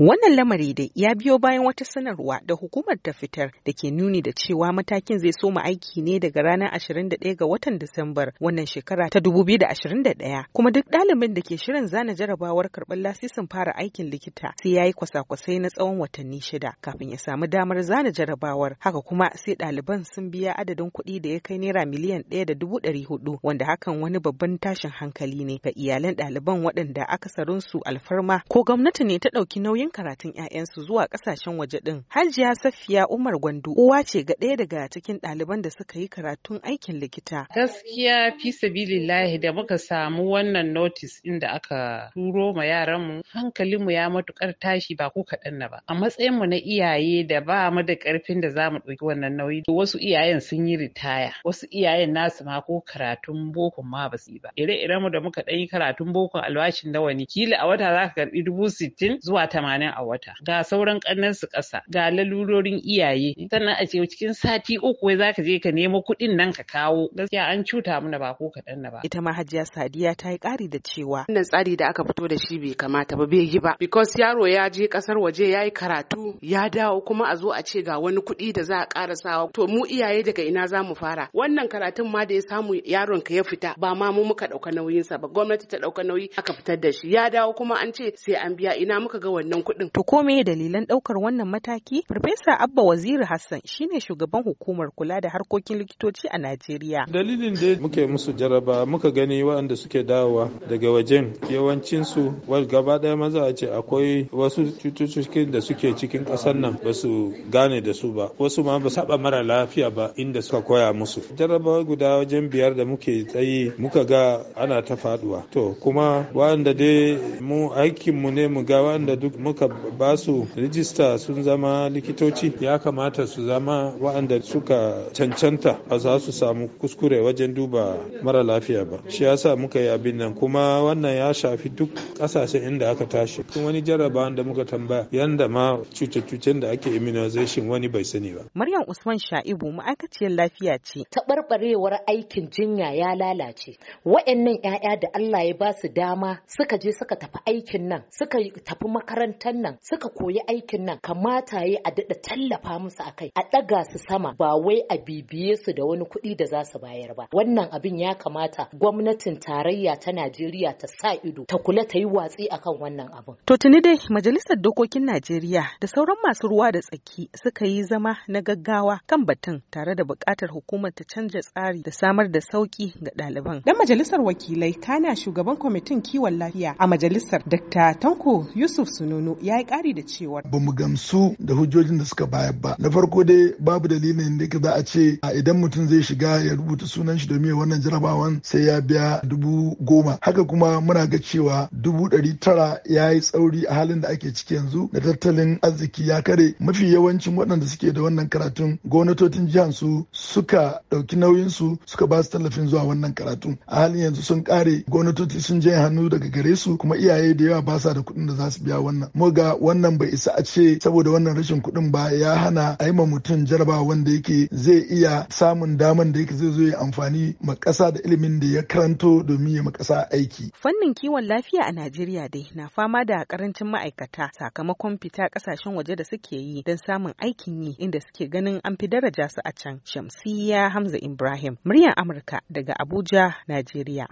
Wannan lamari dai ya biyo bayan wata sanarwa da hukumar ta fitar da ke nuni da cewa matakin zai soma aiki ne daga ranar 21 ga watan Disambar wannan shekara ta 2021 kuma duk ɗalibin da ke shirin zana jarabawar karɓar lasisin fara aikin likita sai ya yi kwasa-kwasai na tsawon watanni shida kafin ya samu damar zana jarabawar haka kuma sai ɗaliban sun biya adadin kuɗi da ya kai naira miliyan ɗaya da dubu ɗari hudu wanda hakan wani babban tashin hankali ne ga iyalan ɗaliban waɗanda akasarinsu alfarma ko gwamnati ne ta ɗauki nauyin nauyin karatun 'ya'yansu zuwa ƙasashen waje ɗin. Hajiya Safiya Umar Gwandu uwa ce ga ɗaya daga cikin ɗaliban da suka yi karatun aikin likita. Gaskiya fi sabilillahi da muka samu wannan notis inda aka turo ma yaran yaranmu hankalinmu ya matukar tashi ba ko kaɗan na ba. A matsayin mu na iyaye da ba mu da ƙarfin da za mu ɗauki wannan nauyi. Wasu iyayen sun yi ritaya, wasu iyayen nasu ma ko karatun boko ma ba su yi ba. ire mu da muka ɗan yi karatun boko albashin nawa ne? Kila a wata za ka karɓi dubu sittin zuwa tamanin. tamanin a wata ga sauran ƙannan su ƙasa ga lalurorin iyaye sannan a ce cikin sati uku wai zaka je ka nemo kuɗin nan ka kawo gaskiya an cuta mana ba ko kaɗan na ba. Ita ma Hajiya Sadiya ta yi ƙari da cewa. Wannan tsari da aka fito da shi bai kamata ba bai yi ba because yaro ya je ƙasar waje ya yi karatu ya dawo kuma a zo a ce ga wani kuɗi da za a ƙara sawa to mu iyaye daga ina za mu fara wannan karatun ma da ya samu yaron ka ya fita ba ma mu muka ɗauka nauyinsa ba gwamnati ta ɗauka nauyi aka fitar da shi ya dawo kuma an ce sai an biya ina muka ga wannan kuɗin. To kome dalilan ɗaukar wannan mataki? Farfesa Abba Waziri Hassan shine shugaban hukumar kula da harkokin likitoci a Najeriya. Dalilin da muke musu jaraba muka gani waɗanda suke dawowa daga wajen yawancinsu wal gaba ɗaya maza a ce akwai wasu cututtukin da suke cikin ƙasar nan ba su gane da su ba wasu ma ba saba mara lafiya ba inda suka koya musu jaraba guda wajen biyar da muke tsayi muka ga ana ta faɗuwa to kuma waɗanda dai mu aikinmu ne mu ga waɗanda duk suka ba su rijista sun zama likitoci ya kamata su zama waɗanda suka cancanta ba za su samu kuskure wajen duba mara lafiya ba shi yasa muka yi abin nan kuma wannan ya shafi duk ƙasashen inda aka tashi kuma wani jaraba da muka tambaya yanda ma cuce-cucen da ake immunization wani bai sani ba maryam usman sha'ibu ma'aikaciyar lafiya ce taɓarɓarewar aikin jinya ya lalace wa'annan 'ya'ya da allah ya ba su dama suka je suka tafi aikin nan suka tafi makaranta matan nan suka koyi aikin nan kamata yi a daɗa tallafa musu a kai a ɗaga su sama ba wai a bibiye su da wani kuɗi da za su bayar ba wannan abin ya kamata gwamnatin tarayya ta Najeriya ta sa ido ta kula ta yi watsi akan wannan abin. To tuni dai majalisar dokokin Najeriya da sauran masu ruwa da tsaki suka yi zama na gaggawa kan batun tare da buƙatar hukumar ta canja tsari da samar da sauƙi ga ɗaliban. Dan majalisar wakilai kana shugaban kwamitin kiwon lafiya a majalisar Dr. Tanko Yusuf Sununu Kano ya yi kari da cewa. Ba mu gamsu da hujjojin da suka bayar ba. Na farko dai babu dalilin da za a ce a idan mutum zai shiga ya rubuta sunan shi domin wannan jarabawan sai ya biya dubu goma. Haka kuma muna ga cewa dubu ɗari tara ya yi tsauri a halin da ake ciki yanzu da tattalin arziki ya kare. Mafi yawancin waɗanda suke da wannan karatun gwamnatocin jihar su suka ɗauki nauyin su suka ba su tallafin zuwa wannan karatun. A halin yanzu sun kare gwamnatoci sun je hannu daga gare su kuma iyaye da yawa ba sa da kuɗin da za su biya wannan muga wannan bai isa a ce saboda wannan rashin kuɗin ba ya hana a yi ma mutum jaraba wanda yake zai iya samun daman da yake zai zo ya amfani ma ƙasa da ilimin da ya karanto domin ya aiki. Fannin kiwon lafiya a Najeriya dai na fama da ƙarancin ma'aikata sakamakon fita ƙasashen waje da suke yi don samun aikin yi inda suke ganin an fi daraja su a can. Shamsiyya Hamza Ibrahim, muryar Amurka daga Abuja, Najeriya.